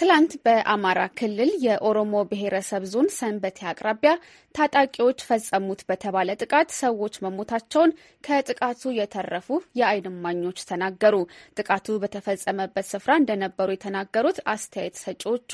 ትላንት በአማራ ክልል የኦሮሞ ብሔረሰብ ዞን ሰንበቴ አቅራቢያ ታጣቂዎች ፈጸሙት በተባለ ጥቃት ሰዎች መሞታቸውን ከጥቃቱ የተረፉ የዓይን እማኞች ተናገሩ። ጥቃቱ በተፈጸመበት ስፍራ እንደነበሩ የተናገሩት አስተያየት ሰጪዎቹ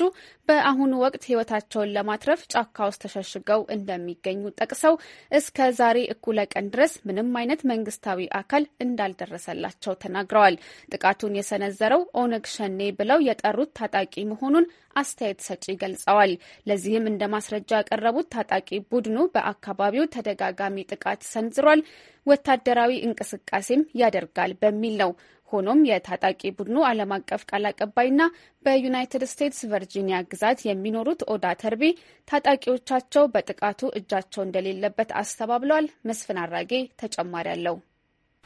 በአሁኑ ወቅት ሕይወታቸውን ለማትረፍ ጫካ ውስጥ ተሸሽገው እንደሚገኙ ጠቅሰው እስከ ዛሬ እኩለ ቀን ድረስ ምንም አይነት መንግስታዊ አካል እንዳልደረሰላቸው ተናግረዋል። ጥቃቱን የሰነዘረው ኦነግ ሸኔ ብለው የጠሩት ታጣቂ መሆኑን አስተያየት ሰጪ ገልጸዋል። ለዚህም እንደ ማስረጃ ያቀረቡት ታጣቂ ቡድኑ በአካባቢው ተደጋጋሚ ጥቃት ሰንዝሯል፣ ወታደራዊ እንቅስቃሴም ያደርጋል በሚል ነው። ሆኖም የታጣቂ ቡድኑ ዓለም አቀፍ ቃል አቀባይና በዩናይትድ ስቴትስ ቨርጂኒያ ግዛት የሚኖሩት ኦዳ ተርቢ ታጣቂዎቻቸው በጥቃቱ እጃቸው እንደሌለበት አስተባብለዋል። መስፍን አራጌ ተጨማሪ አለው።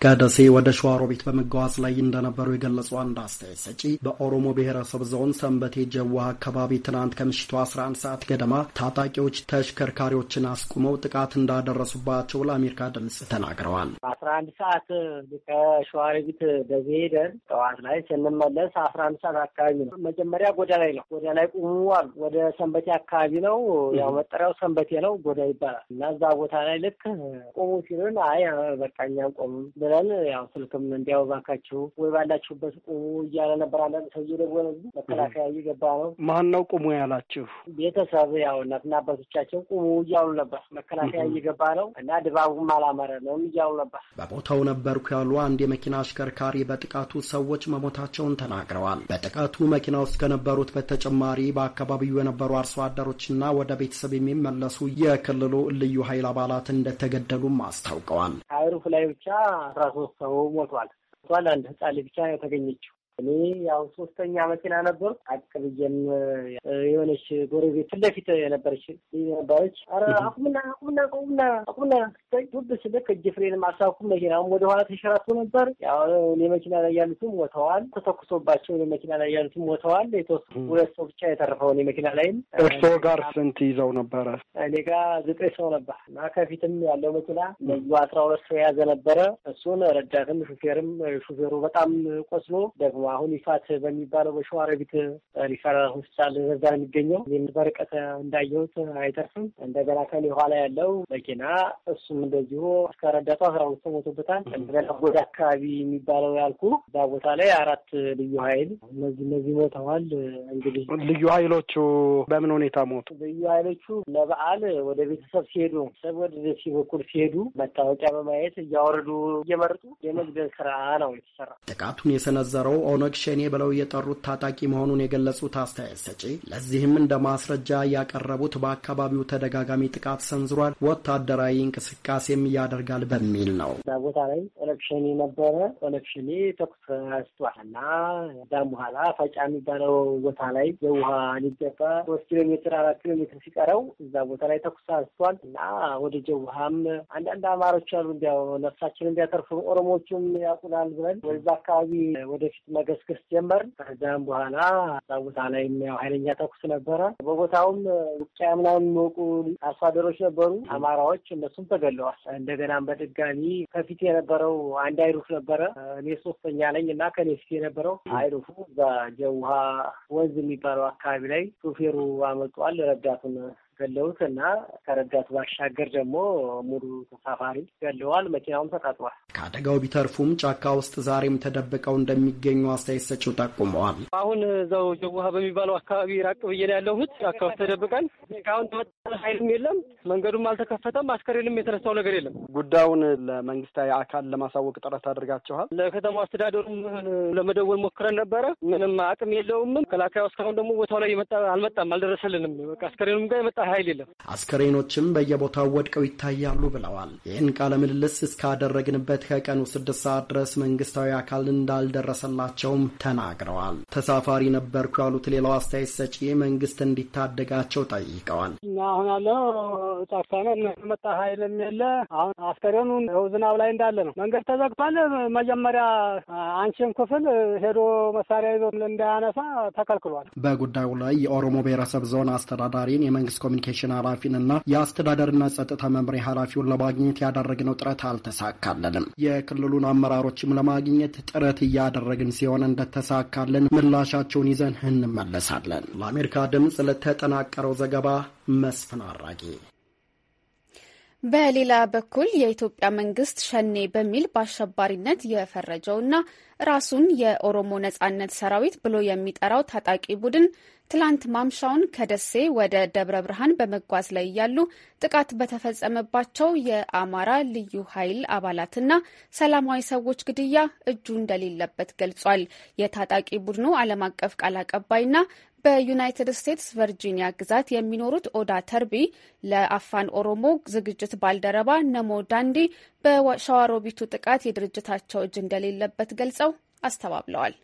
ከደሴ ወደ ሸዋሮቢት በመጓዝ ላይ እንደነበሩ የገለጹ አንድ አስተያየት ሰጪ በኦሮሞ ብሔረሰብ ዞን ሰንበቴ ጀዋ አካባቢ ትናንት ከምሽቱ 11 ሰዓት ገደማ ታጣቂዎች ተሽከርካሪዎችን አስቁመው ጥቃት እንዳደረሱባቸው ለአሜሪካ ድምፅ ተናግረዋል። 11 ሰዓት ከሸዋሮቢት ደሴ ሄደን ጠዋት ላይ ስንመለስ አስራ ሰዓት አካባቢ ነው። መጀመሪያ ጎዳ ላይ ነው። ጎዳ ላይ ቁሙ አሉ። ወደ ሰንበቴ አካባቢ ነው። ያው መጠሪያው ሰንበቴ ነው፣ ጎዳ ይባላል። እና እዛ ቦታ ላይ ልክ ቁሙ ሲሉን አይ በቃ እኛም ብለን ያው ስልክም እንዲያው ባካችሁ ወይ ባላችሁበት ቁሙ እያለ ነበር አለን። ሰውዬው ደግሞ መከላከያ እየገባ ነው። ማን ነው ቁሙ ያላችሁ? ቤተሰብ ያው እናትና አባቶቻቸው ቁሙ እያሉ ነበር። መከላከያ እየገባ ነው እና ድባቡም አላመረንም እያሉ ነበር። በቦታው ነበርኩ ያሉ አንድ የመኪና አሽከርካሪ በጥቃቱ ሰዎች መሞታቸውን ተናግረዋል። በጥቃቱ መኪና ውስጥ ከነበሩት በተጨማሪ በአካባቢው የነበሩ አርሶ አደሮችና ወደ ቤተሰብ የሚመለሱ የክልሉ ልዩ ኃይል አባላት እንደተገደሉም አስታውቀዋል። ሩፍ ላይ ብቻ አስራ ሶስት ሰው ሞቷል ቷል አንድ ህጻን ብቻ የተገኘችው። እኔ ያው ሶስተኛ መኪና ነበር አቅብዬም የሆነች ጎረቤት ፊት ለፊት የነበረች ነበረች። ኧረ አቁምና አቁምና ቆምና አቁምና ዱብ ስለ ከጀፍሬንም አሳኩም መኪናውም ኋላ ተሸራቶ ነበር። ያው መኪና ላይ ያሉትም ሞተዋል። ተተኩሶባቸው መኪና ላይ ያሉትም ሞተዋል። የተወሰኑ ሁለት ሰው ብቻ የተረፈው እኔ መኪና ላይም። እርሶ ጋር ስንት ይዘው ነበረ? እኔ ጋር ዘጠኝ ሰው ነበር እና ከፊትም ያለው መኪና ለዩ አስራ ሁለት ሰው የያዘ ነበረ። እሱን ረዳትም ሹፌርም ሹፌሩ በጣም ቆስሎ ደግሞ አሁን ይፋት በሚባለው በሸዋረቢት ሪፈራል ሆስፒታል በዛ የሚገኘው በርቀት እንዳየሁት አይተርፍም። እንደገና ከኔ ኋላ ያለው መኪና እሱም እንደዚሁ እስከ ረዳቱ አስራ ሁለት ሞቶበታል። እንደገና አካባቢ የሚባለው ያልኩ እዛ ቦታ ላይ አራት ልዩ ኃይል እነዚህ እነዚህ ሞተዋል። እንግዲህ ልዩ ኃይሎቹ በምን ሁኔታ ሞቱ? ልዩ ኃይሎቹ ለበዓል ወደ ቤተሰብ ሲሄዱ ሰብ ወደ ደሴ በኩል ሲሄዱ መታወቂያ በማየት እያወረዱ እየመረጡ የመግደል ስራ ነው የተሰራ። ጥቃቱን የሰነዘረው ኦነግ ሸኔ ብለው የጠሩት ታጣቂ መሆኑን የገለጹት አስተያየት ሰጪ ለዚህም እንደ ማስረጃ ያቀረቡት በአካባቢው ተደጋጋሚ ጥቃት ሰንዝሯል፣ ወታደራዊ እንቅስቃሴም ያደርጋል በሚል ነው። እዛ ቦታ ላይ ኦነግ ሸኔ ነበረ። ኦነግ ሸኔ ተኩስ አስቷልና ዳም በኋላ ፈጫ የሚባለው ቦታ ላይ የውሃ ሊገባ ሶስት ኪሎ ሜትር አራት ኪሎ ሜትር ሲቀረው እዛ ቦታ ላይ ተኩስ አስቷል እና ወደ ጀውሃም አንዳንድ አማሮች አሉ እንዲያው ነፍሳችን እንዲያተርፉ ኦሮሞዎቹም ያውቁናል ብለን ወደዛ አካባቢ ወደፊት መ መገስገስ ጀመር። ከዛም በኋላ እዛ ቦታ ላይ የሚያው ኃይለኛ ተኩስ ነበረ። በቦታውም ውቅያ ምናምን የሚወቁ አርሶ አደሮች ነበሩ፣ አማራዎች፣ እነሱም ተገለዋል። እንደገናም በድጋሚ ከፊት የነበረው አንድ አይሩፍ ነበረ። እኔ ሶስተኛ ነኝ እና ከኔ ፊት የነበረው አይሩፉ በጀውሃ ወንዝ የሚባለው አካባቢ ላይ ሹፌሩ አመጧል ረዳቱን ገለውት እና ከረዳት ባሻገር ደግሞ ሙሉ ተሳፋሪ ገለዋል። መኪናውም ተቃጥሏል። ከአደጋው ቢተርፉም ጫካ ውስጥ ዛሬም ተደብቀው እንደሚገኙ አስተያየት ሰጪው ጠቁመዋል። አሁን እዛው ጀውሃ በሚባለው አካባቢ ራቅ ብዬ ነው ያለሁት። ጫካ ውስጥ ተደብቀን እስካሁን ተመጣጠ ኃይልም የለም፣ መንገዱም አልተከፈተም፣ አስከሬንም የተነሳው ነገር የለም። ጉዳዩን ለመንግስታዊ አካል ለማሳወቅ ጥረት አድርጋችኋል? ለከተማው አስተዳደሩም ለመደወል ሞክረን ነበረ። ምንም አቅም የለውም። መከላከያው እስካሁን ደግሞ ቦታው ላይ አልመጣም፣ አልደረሰልንም። በቃ አስከሬኑም ጋር የመጣ ኃይል የለም። አስከሬኖችም በየቦታው ወድቀው ይታያሉ ብለዋል። ይህን ቃለ ምልልስ እስካደረግንበት ከቀኑ ስድስት ሰዓት ድረስ መንግስታዊ አካል እንዳልደረሰላቸውም ተናግረዋል። ተሳፋሪ ነበርኩ ያሉት ሌላው አስተያየት ሰጪ መንግስት እንዲታደጋቸው ጠይቀዋል። እና አሁን ያለው ጫካ መጣ ኃይልም የለ። አሁን አስከሬኑን ዝናብ ላይ እንዳለ ነው። መንገድ ተዘግቷል። መጀመሪያ አንቺን ክፍል ሄዶ መሳሪያ ይዞ እንዳያነሳ ተከልክሏል። በጉዳዩ ላይ የኦሮሞ ብሔረሰብ ዞን አስተዳዳሪን የመንግስት ኮሚ ኮሚኒኬሽን ኃላፊንና የአስተዳደርና ጸጥታ መምሪያ ኃላፊውን ለማግኘት ያደረግነው ጥረት አልተሳካለንም። የክልሉን አመራሮችም ለማግኘት ጥረት እያደረግን ሲሆን እንደተሳካልን ምላሻቸውን ይዘን እንመለሳለን። ለአሜሪካ ድምፅ ለተጠናቀረው ዘገባ መስፍን አራጌ በሌላ በኩል የኢትዮጵያ መንግስት ሸኔ በሚል በአሸባሪነት የፈረጀውና ራሱን የኦሮሞ ነጻነት ሰራዊት ብሎ የሚጠራው ታጣቂ ቡድን ትላንት ማምሻውን ከደሴ ወደ ደብረ ብርሃን በመጓዝ ላይ እያሉ ጥቃት በተፈጸመባቸው የአማራ ልዩ ኃይል አባላትና ሰላማዊ ሰዎች ግድያ እጁ እንደሌለበት ገልጿል። የታጣቂ ቡድኑ ዓለም አቀፍ ቃል አቀባይና በዩናይትድ ስቴትስ ቨርጂኒያ ግዛት የሚኖሩት ኦዳ ተርቢ ለአፋን ኦሮሞ ዝግጅት ባልደረባ ነሞ ዳንዲ በሸዋሮቢቱ ጥቃት የድርጅታቸው እጅ እንደሌለበት ገልጸው አስተባብለዋል።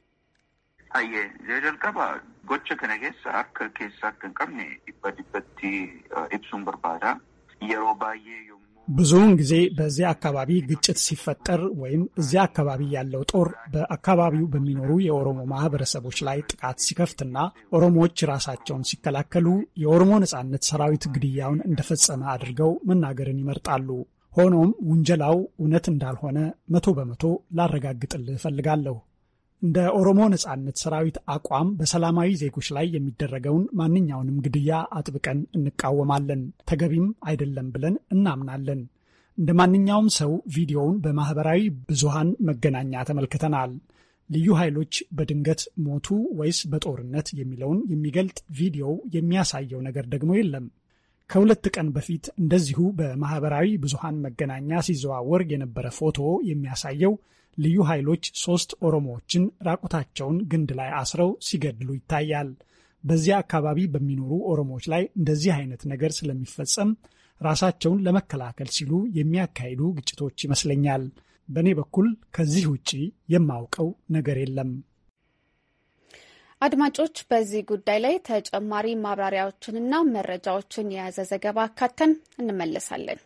ብዙውን ጊዜ በዚያ አካባቢ ግጭት ሲፈጠር ወይም እዚያ አካባቢ ያለው ጦር በአካባቢው በሚኖሩ የኦሮሞ ማህበረሰቦች ላይ ጥቃት ሲከፍትና ኦሮሞዎች ራሳቸውን ሲከላከሉ የኦሮሞ ነጻነት ሰራዊት ግድያውን እንደፈጸመ አድርገው መናገርን ይመርጣሉ። ሆኖም ውንጀላው እውነት እንዳልሆነ መቶ በመቶ ላረጋግጥልህ እፈልጋለሁ። እንደ ኦሮሞ ነጻነት ሰራዊት አቋም በሰላማዊ ዜጎች ላይ የሚደረገውን ማንኛውንም ግድያ አጥብቀን እንቃወማለን፣ ተገቢም አይደለም ብለን እናምናለን። እንደ ማንኛውም ሰው ቪዲዮውን በማህበራዊ ብዙሃን መገናኛ ተመልክተናል። ልዩ ኃይሎች በድንገት ሞቱ ወይስ በጦርነት የሚለውን የሚገልጥ ቪዲዮ የሚያሳየው ነገር ደግሞ የለም። ከሁለት ቀን በፊት እንደዚሁ በማህበራዊ ብዙሃን መገናኛ ሲዘዋወር የነበረ ፎቶ የሚያሳየው ልዩ ኃይሎች ሶስት ኦሮሞዎችን ራቁታቸውን ግንድ ላይ አስረው ሲገድሉ ይታያል። በዚያ አካባቢ በሚኖሩ ኦሮሞዎች ላይ እንደዚህ አይነት ነገር ስለሚፈጸም ራሳቸውን ለመከላከል ሲሉ የሚያካሂዱ ግጭቶች ይመስለኛል። በእኔ በኩል ከዚህ ውጪ የማውቀው ነገር የለም። አድማጮች፣ በዚህ ጉዳይ ላይ ተጨማሪ ማብራሪያዎችንና መረጃዎችን የያዘ ዘገባ አካተን እንመለሳለን።